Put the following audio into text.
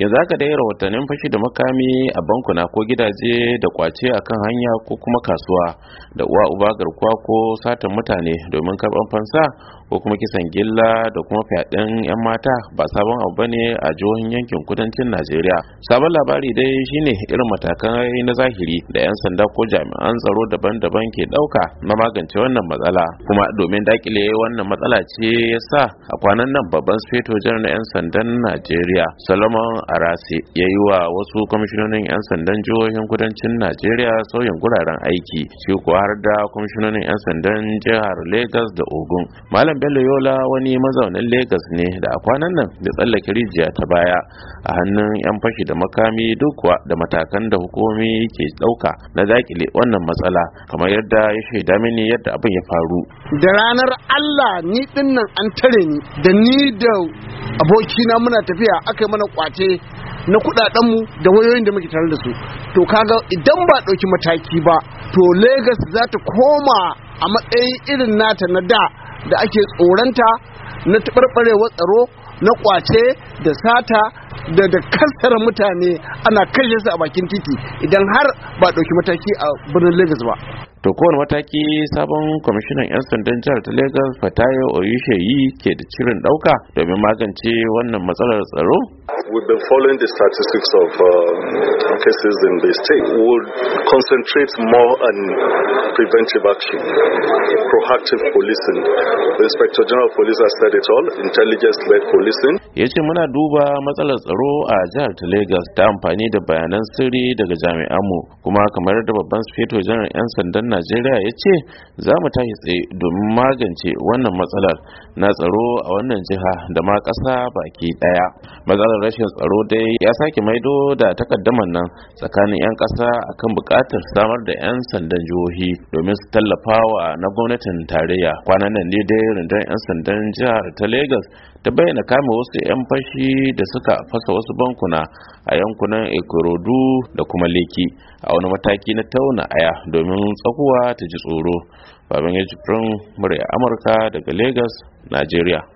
yanzu haka dai rahotannin fashi da makami a bankuna ko gidaje da kwace a kan hanya ko kuma kasuwa da uwa uba garkuwa ko satan mutane domin karban fansa ko kuma kisan gilla da kuma fyaɗen 'yan mata ba sabon abu bane a jihohin yankin kudancin najeriya sabon labari dai shine irin matakan na zahiri da 'yan sanda ko jami'an tsaro daban-daban ke ɗauka na magance wannan matsala kuma domin dakile wannan matsala ce ya sa a kwanan nan babban sufeto na 'yan sandan najeriya solomon arase ya yi wa wasu kwamishinonin 'yan sandan jihohin kudancin najeriya sauyin guraren aiki shi kuwa har da kwamishinonin 'yan sandan jihar lagos da ogun malam bello yola wani mazaunin lagos ne da a kwanan nan da tsallake rijiya ta baya a hannun 'yan fashi da makami duk da matakan da hukumomi ke ɗauka na dakile wannan matsala kamar yadda ya shaida mini yadda abin ya faru da ranar allah ni dinnan an tare ni da ni da abokina muna tafiya aka mana kwace na mu da wayoyin da muke tare da su to kaga idan ba ɗauki mataki ba to Legas za ta koma a matsayin irin nata na da da ake tsoranta na tabarbarewa tsaro na kwace da sata da da kansar mutane ana kashe su a bakin titi idan har ba ɗauki mataki a birnin Legas ba. To kowane mataki sabon kwamishinan 'yan sandan jihar ta Legas, Fatayo Oyusheyi ke da cirin ɗauka domin magance wannan matsalar tsaro? we've been following the statistics of uh, cases in the state. We would concentrate more on preventive action, proactive policing. The Inspector General of Police has said it all, intelligence-led policing. Ya ce muna duba matsalar tsaro a jihar ta Lagos ta amfani da bayanan sirri daga jami'anmu kuma kamar da babban sufeto janar 'yan sandan Najeriya ya ce za mu tashi tsaye domin magance wannan matsalar na tsaro a wannan jiha da ma ƙasa baki ɗaya. Matsalar rashin kwamitin tsaro dai ya sake maido da takaddamar nan tsakanin 'yan ƙasa akan buƙatar samar da 'yan sandan jihohi domin su tallafawa na gwamnatin tarayya kwanan nan ne dai rundun 'yan sandan jihar ta Legas ta bayyana kama wasu 'yan fashi da suka fasa wasu bankuna a yankunan Ikorodu da kuma Leki a wani mataki na tauna aya domin tsakuwa ta ji tsoro. Babban Ejibirin Murya Amurka daga Legas, Najeriya.